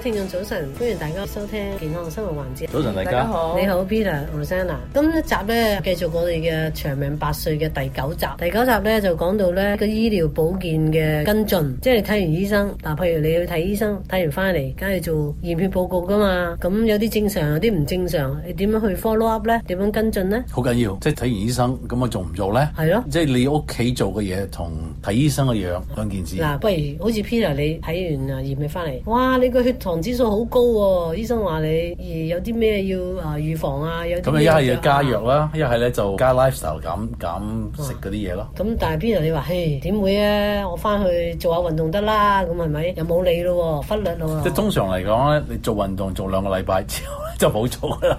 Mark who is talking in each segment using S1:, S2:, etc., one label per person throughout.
S1: 聽眾早晨，歡迎大家收聽健康生活環節。早晨大，大家好，你好 Peter Rosanna。今一集咧，繼續我哋嘅長命百歲嘅第九集。第九集咧，就講到咧個醫療保健嘅跟進，即係睇完醫生。嗱、啊，譬如你去睇醫生，睇完翻嚟，梗係做驗血報告噶嘛。咁有啲正常，有啲唔正常，你點樣去 follow up 咧？點樣跟進咧？
S2: 好緊要，即係睇完醫生，咁我做唔做咧？係咯、哦，即係你屋企做嘅嘢同睇醫生嘅樣、嗯、兩件事。嗱、
S1: 啊，不如好似 Peter，你睇完啊驗血翻嚟，哇，你個血。防指數好高喎、哦，醫生話你而有啲咩要啊預防啊，有啲咁啊，一係、嗯、要，要
S2: 加藥啦，一係咧就加 lifestyle 減減食、啊、嗰啲嘢咯。
S1: 咁、嗯、但係邊度？你話，嘿點會啊？我返去做下運動得啦，咁係咪又冇你咯？忽略咯。即係
S2: 通常嚟講咧，你做運動做兩個禮拜之後。就冇
S1: 錯啦。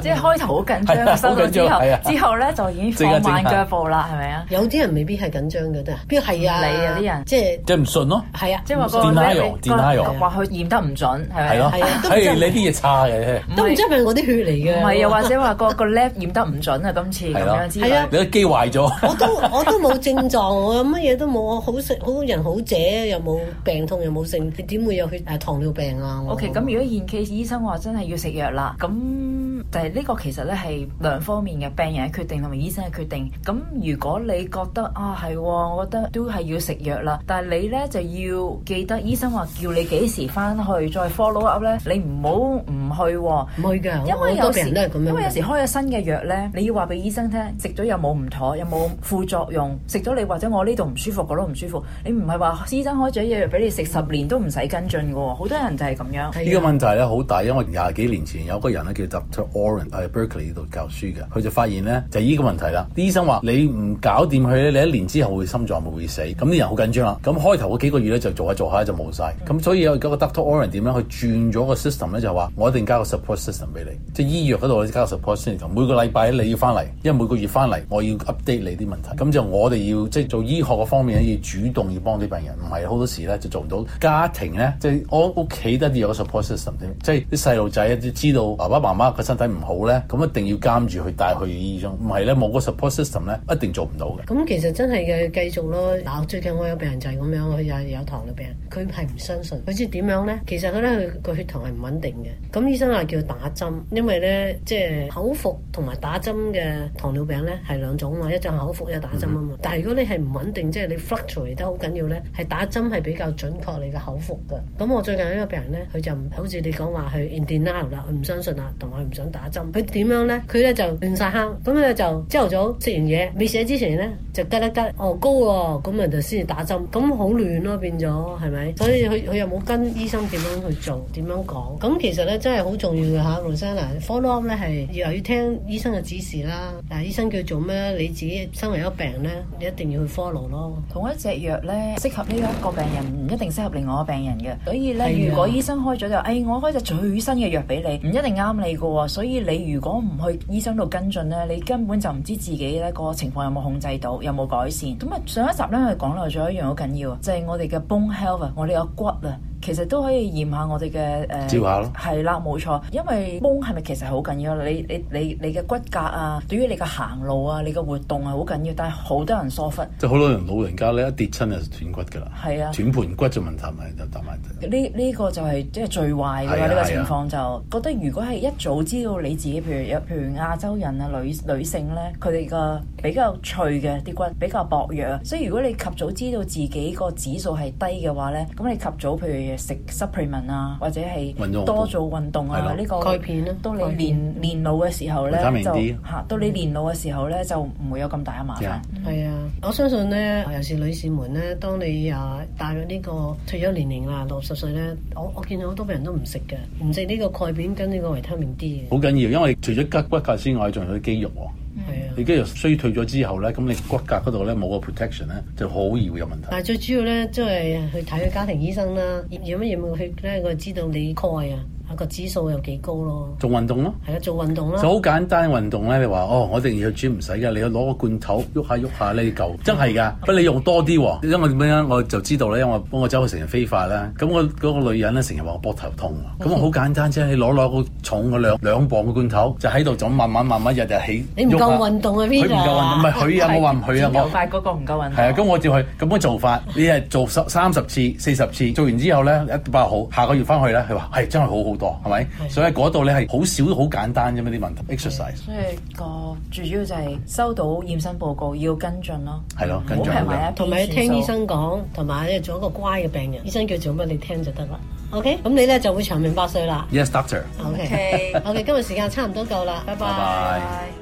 S1: 即係開頭好緊張，收到之後之後咧就已經放慢腳步啦，係咪啊？有啲人未必係緊張嘅，都邊係啊？你啊啲人即係即
S2: 係唔信咯。係啊，即係話個 denial denial
S1: 話佢驗得唔
S3: 準，係咪？係咯，都係
S2: 你啲嘢差嘅。
S3: 都唔知係咪我啲血嚟嘅。唔係又或者話個個 lab
S1: 驗得唔準啊？今次
S3: 係咯，係啊，
S2: 你機壞咗。我
S1: 都我都冇症狀，我乜嘢都冇，好食好人好者，又冇病痛，又冇性，點會有血糖尿病啊？OK，咁如果驗 k 醫生話真係要食藥。啦，咁。嗯就係呢個其實咧係
S3: 兩方面嘅病人嘅決定同埋醫生嘅決定。咁如果你覺得啊係、哦，我覺得都係要食藥啦。但係你咧就要記得醫生話叫你幾時翻去再 follow up 咧，你唔好唔去，哦。唔去㗎，因為有時都係咁樣因為有時開咗新嘅藥咧，你要話俾醫生聽，食咗有冇唔妥，有冇副作用？食咗你或者我呢度唔舒服，嗰度唔舒服，你唔係話醫生開咗一樣藥俾你食十年都唔使跟進㗎喎。好多人就係咁樣。呢的個
S2: 問題咧好大，因為廿幾年前有一個人咧叫急促。Orange 喺 Berkeley 度教書嘅，佢就發現咧就係依個問題啦。啲醫生話你唔搞掂佢咧，你一年之後會心臟會死。咁啲人好緊張啦。咁開頭嗰幾個月咧就做下做下就冇晒。咁所以有個 Doctor Orange 點樣去轉咗個 system 咧，就係話我一定加個 support system 俾你，即係醫藥嗰度咧加個 support system。每個禮拜你要翻嚟，因為每個月翻嚟我要 update 你啲問題。咁就我哋要即係做醫學嘅方面咧，要主動要幫啲病人，唔係好多時咧就做唔到。家庭咧即係我屋企都有 support system，即係啲細路仔都知道爸爸媽媽個身體。唔好咧，咁一定要監住佢帶去醫生。唔係咧，冇個 support system 咧，一定做唔到嘅。
S1: 咁其實真係要繼續咯。嗱，最近我有病人就係咁樣，佢又有糖尿病，佢係唔相信。佢知點樣咧？其實佢咧，佢個血糖係唔穩定嘅。咁醫生話叫打針，因為咧，即係口服同埋打針嘅糖尿病咧係兩種啊，一種口服，一種打針啊嘛。嗯、但係如果你係唔穩定，即係你 fluctuate 得好緊要咧，係打針係比較準確你嘅口服㗎。咁我最近一個病人咧，佢就唔好似你講話佢 in denial 啦，唔相信啦，同埋佢唔想。打針佢點樣咧？佢咧就亂晒坑，咁咧就朝頭早食完嘢，未寫之前咧就吉啦吉哦高喎，咁啊就先至打針，咁好亂咯、哦哦啊、變咗係咪？所以佢佢又冇跟醫生點樣去做點樣講？咁其實咧真係好重要嘅嚇、嗯、啊、Rosanne follow 咧係又要聽醫生嘅指示啦。嗱，醫生叫做咩你自己身為一個病人咧，你一定要去 follow 咯。同一隻藥咧，適合呢一個病人唔一定適合另外一個病人嘅，所以咧係嘅，如果醫
S3: 生開咗就誒、哎，我開隻最新嘅藥俾你，唔一定啱你嘅喎，所以所以你如果唔去醫生度跟進呢，你根本就唔知自己呢個情況有冇控制到，有冇改善。咁啊，上一集呢，佢講漏咗一樣好緊要，就係、是、我哋嘅 bone health 啊，我哋個骨啊。其實都可以驗下我哋嘅誒，照、呃、下咯，係啦，冇錯，因為骨係咪其實好緊要？你你你你嘅骨骼啊，對於你嘅行路啊，你嘅活動係好緊要，但係好多人疏忽，即係
S2: 好多人老人家咧一跌親就係斷骨㗎啦，係啊，斷盤骨就問題，咪、啊、就大問題。
S3: 呢呢、呢個就係即係最壞㗎嘛、啊？呢、啊、個情況就、啊、覺得如果係一早知道你自己，譬如有譬如亞洲人啊女女性咧，佢哋個比較脆嘅啲骨比較薄弱，所以如果你及早知道自己個指數係低嘅話咧，咁你及早譬如，食 supplement 啊，或者係多做運動啊，呢、這個鈣的片咧、啊，到你年片年老嘅時候咧，D 就
S1: 嚇，到 D. 你年老嘅時候咧，嗯、就唔會有咁大嘅麻煩。係啊 Yeah.、mm hmm.，我相信咧，尤其是女士們咧，當你啊大咗呢、這個退咗年齡啦，六十歲咧，我我見到好多病人都唔食嘅，唔食呢個鈣片跟呢個維他命 D 嘅。
S2: 好緊要，因為除咗骨骼骨頭之外，仲有啲肌肉喎。係啊，你跟住衰退咗之後咧，咁你骨骼嗰度咧冇個 protection 咧，就好易會有問題。
S1: 但係最主要咧，都係去睇佢家庭醫生啦。有乜嘢冇去咧，我就知道你鈣啊。個指數
S2: 有幾高咯，做運動咯，係啊，做
S1: 運動啦，就好
S2: 簡單嘅運動咧。你話哦，我一定要煮唔使㗎，你要攞個罐頭喐下喐下呢啲嚿，真係㗎。不過、嗯 okay. 你用多啲、哦，因為點樣？我就知道咧，因為幫我走去成日飛髮啦。咁我嗰個女人咧成日話我膊頭痛，咁我好簡單啫，你攞攞個重嘅兩兩磅嘅罐頭，就喺度就慢慢慢慢日日起。你唔夠，啊、夠運
S3: 動啊？邊度唔夠運動，唔係佢啊！我話唔佢啊！我飛髮嗰個唔夠運動。係啊，
S2: 咁我照佢！咁樣做法，你係做十三十次、四十次，做完之後咧一百好。下個月翻去咧，佢話係真係好好。多係咪？的所以嗰度咧係好少好簡單咁樣啲問題。Exercise，Okay,
S1: 習所以個最主要就係收到驗身報告要跟進咯。
S2: 係咯的，跟進同埋
S4: 聽
S1: 醫生講，同埋咧做一個乖嘅病人。醫生叫做乜，你聽就得啦。OK，咁你咧就會長命百歲啦。Yes, doctor. OK，OK，今日時間差唔多夠啦。拜拜。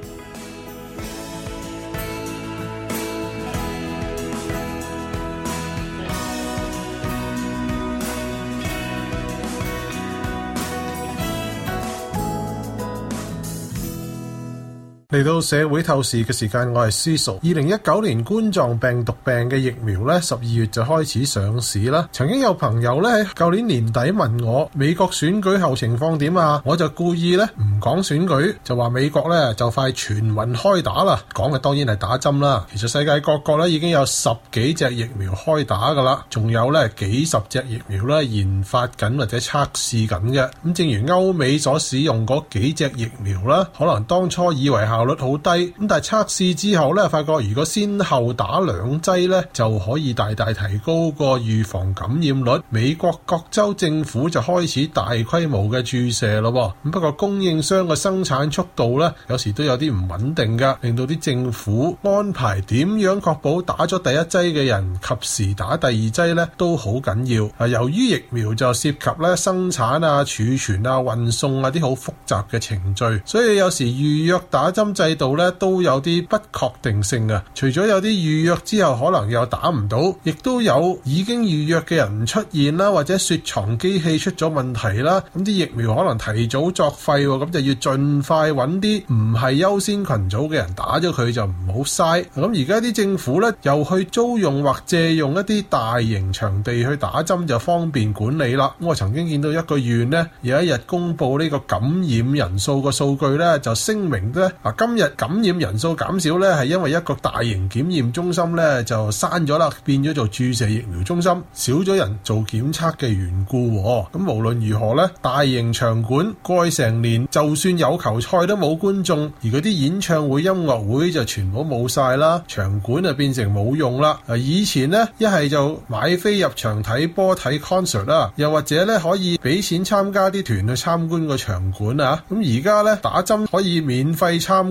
S5: 嚟到社會透視嘅時間，我係司徒。二零一九年冠狀病毒病嘅疫苗咧，十二月就開始上市啦。曾經有朋友咧，舊年年底問我美國選舉後情況點啊，我就故意咧唔講選舉，就話美國咧就快全民開打啦。講嘅當然係打針啦。其實世界各國咧已經有十幾隻疫苗開打噶啦，仲有咧幾十隻疫苗咧研發緊或者測試緊嘅。咁正如歐美所使用嗰幾隻疫苗啦，可能當初以為效效率好低咁，但係測試之後咧，發覺如果先後打兩劑咧，就可以大大提高個預防感染率。美國各州政府就開始大規模嘅注射咯。咁不過供應商嘅生產速度咧，有時都有啲唔穩定噶令到啲政府安排點樣確保打咗第一劑嘅人及時打第二劑咧，都好緊要。啊，由於疫苗就涉及咧生產啊、儲存啊、運送啊啲好複雜嘅程序，所以有時預約打針。制度咧都有啲不確定性啊，除咗有啲預約之後可能又打唔到，亦都有已經預約嘅人唔出現啦，或者雪藏機器出咗問題啦，咁啲疫苗可能提早作廢，咁就要盡快揾啲唔係優先群組嘅人打咗佢就唔好嘥。咁而家啲政府咧又去租用或借用一啲大型場地去打針就方便管理啦。我曾經見到一個縣咧有一日公布呢個感染人數個數據咧，就聲明咧啊。今日感染人數減少咧，係因為一個大型檢驗中心咧就閂咗啦，變咗做注射疫苗中心，少咗人做檢測嘅緣故喎。咁無論如何咧，大型場館過成年，就算有球賽都冇觀眾，而嗰啲演唱會、音樂會就全部冇晒啦，場館就變成冇用啦。啊，以前呢，一係就買飛入場睇波睇 concert 啦，又或者咧可以俾錢參加啲團去參觀個場館啊。咁而家咧，打針可以免費參。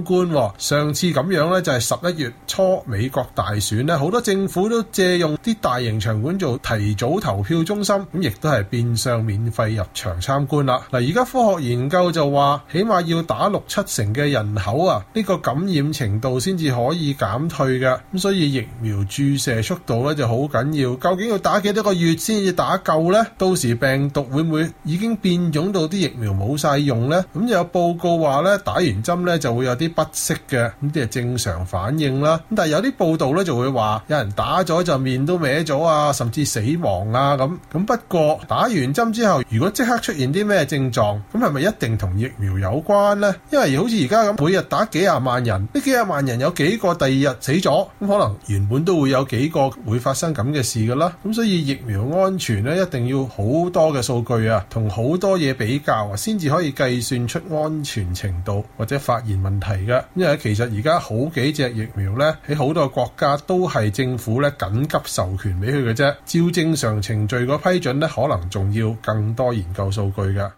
S5: 上次咁樣咧，就係十一月初美國大選咧，好多政府都借用啲大型場館做提早投票中心，咁亦都係變相免費入場參觀啦。嗱，而家科學研究就話，起碼要打六七成嘅人口啊，呢個感染程度先至可以減退嘅。咁所以疫苗注射速度咧就好緊要。究竟要打幾多個月先至打夠呢？到時病毒會唔會已經變種到啲疫苗冇晒用呢？咁就有報告話咧，打完針咧就會有啲。不適嘅，咁啲係正常反應啦。咁但係有啲報道咧就會話，有人打咗就面都歪咗啊，甚至死亡啊咁。咁不過打完針之後，如果即刻出現啲咩症狀，咁係咪一定同疫苗有關呢？因為好似而家咁，每日打幾廿萬人，呢幾廿萬人有幾個第二日死咗，咁可能原本都會有幾個會發生咁嘅事噶啦。咁所以疫苗安全咧，一定要好多嘅數據啊，同好多嘢比較啊，先至可以計算出安全程度或者發現問題。因為其實而家好幾隻疫苗咧，喺好多國家都係政府咧緊急授權俾佢嘅啫。照正常程序個批准咧，可能仲要更多研究數據㗎。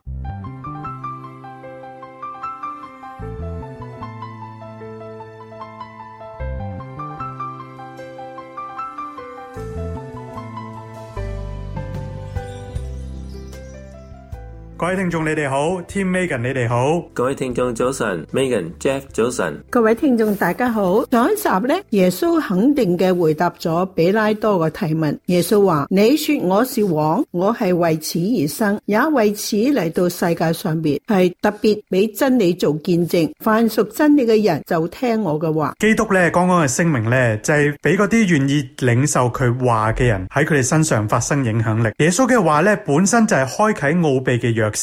S6: 各位聽眾你哋好 Tim Megan 你哋好，各位聽眾早晨，Megan Jeff 早晨，
S7: 各位聽眾大家好。上一集咧，耶穌肯定嘅回答咗比拉多嘅提問。耶穌話：你說我是王，我係為此而生，也為此嚟到世界上邊，係特別俾真理做見證。凡屬真理嘅人就聽我嘅話。
S6: 基督咧剛剛嘅聲明咧，就係俾嗰啲願意領受佢話嘅人喺佢哋身上發生影響力。耶穌嘅話咧本身就係開啟奧秘嘅鑰匙。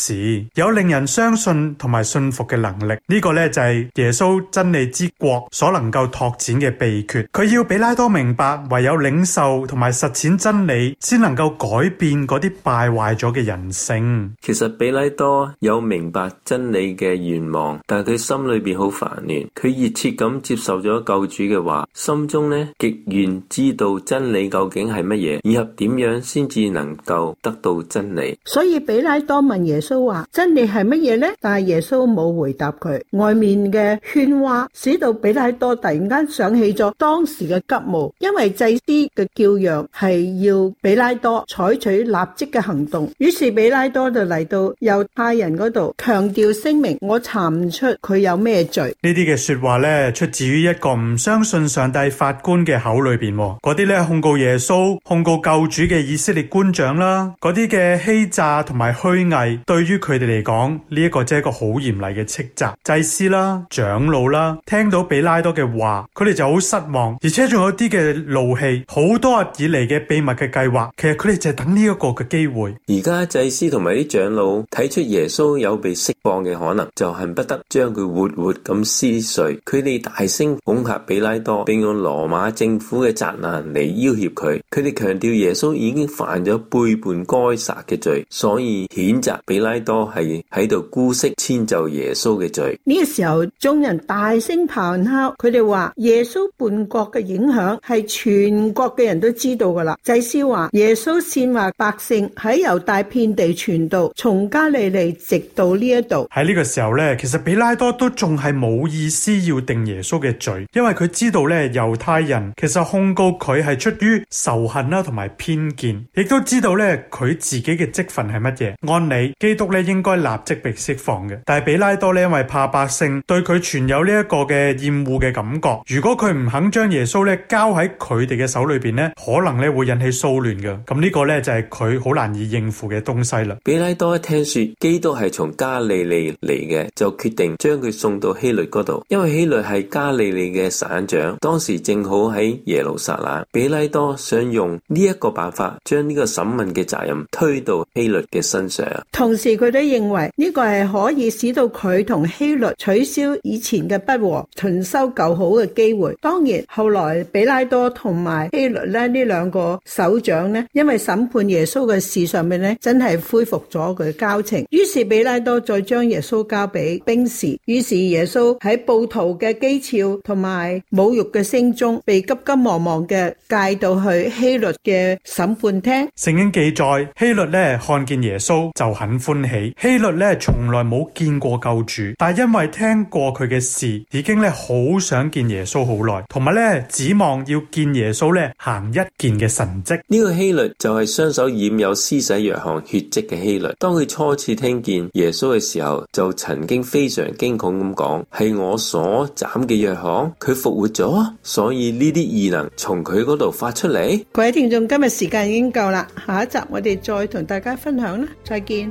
S6: 有令人相信同埋信服嘅能力，呢個咧就係耶穌真理之國所能夠拓展嘅秘訣。佢要彼拉多明白，唯有領受同埋實踐真理，先能夠改變嗰啲敗壞咗嘅人性。
S4: 其實彼拉多有明白真理嘅願望，但係佢心裏邊好煩亂。佢熱切咁接受咗救主嘅話，心中咧極願知道真理究竟係乜嘢，以後點樣先至能夠得到真理。
S7: 所以彼拉多問耶穌，話真理係乜嘢呢？但係耶穌冇回答佢。外面嘅喧嘩使到比拉多突然間想起咗當時嘅急務，因為祭司嘅叫嚷係要比拉多採取立即嘅行動。於是比拉多就嚟到猶太人嗰度，強調聲明：我查唔出佢有咩罪。
S6: 呢啲嘅說話咧，出自於一個唔相信上帝法官嘅口裏邊。嗰啲咧控告耶穌、控告救主嘅以色列官長啦，嗰啲嘅欺詐同埋虛偽對於佢哋嚟講，呢一個即係一個好嚴厲嘅斥責。祭司啦、長老啦，聽到比拉多嘅話，佢哋就好失望，而且仲有啲嘅怒氣。好多日以嚟嘅秘密嘅計劃，其實佢哋就係等呢一個嘅機會。
S4: 而家祭司同埋啲長老睇出耶穌有被釋放嘅可能，就恨不得將佢活活咁撕碎。佢哋大聲恐嚇比拉多，並用羅馬政府嘅責難嚟要挾佢。佢哋強調耶穌已經犯咗背叛該殺嘅罪，所以譴責比拉。拉多係喺度姑息遷就耶穌嘅罪。
S7: 呢個時候，眾人大聲咆哮，佢哋話耶穌叛國嘅影響係全國嘅人都知道噶啦。祭司話耶穌煽惑百姓喺猶大遍地傳道，從加利利直到呢一度。
S6: 喺呢個時候咧，其實比拉多都仲係冇意思要定耶穌嘅罪，因為佢知道咧猶太人其實控告佢係出於仇恨啦，同埋偏見，亦都知道咧佢自己嘅職分係乜嘢。按理。基督咧應該立即被釋放嘅，但係比拉多咧因為怕百姓對佢存有呢一個嘅厭惡嘅感覺，如果佢唔肯將耶穌咧交喺佢哋嘅手裏邊咧，可能咧會引起騷亂嘅。咁、這、呢個咧就係佢好難以應付嘅東西啦。
S4: 比拉多一聽說基督係從加利利嚟嘅，就決定將佢送到希律嗰度，因為希律係加利利嘅省長，當時正好喺耶路撒冷。比拉多想用呢一個辦法將呢個審問嘅責任推到希律嘅身上。
S7: 同時佢都認為呢個係可以使到佢同希律取消以前嘅不和，重修舊好嘅機會。當然後來比拉多同埋希律咧呢兩個首長呢，因為審判耶穌嘅事上面呢，真係恢復咗佢交情。於是比拉多再將耶穌交俾兵士，於是耶穌喺暴徒嘅譏誚同埋侮辱嘅聲中，被急急忙忙嘅介到去希律嘅審判廳。
S6: 聖經記載，希律呢看見耶穌就很。歡喜希律咧，從來冇見過救主，但係因為聽過佢嘅事，已經咧好想見耶穌好耐，同埋咧指望要見耶穌咧行一件
S4: 嘅神蹟。呢個希律就係雙手染有施洗約翰血跡嘅希律。當佢初次聽見耶穌嘅時候，就曾經非常驚恐咁講：係我所斬嘅約翰，佢復活咗，所以呢啲異能從佢嗰度發出嚟。
S7: 各位聽眾，今日時間已經夠啦，下一集我哋再同大家分享啦，再見。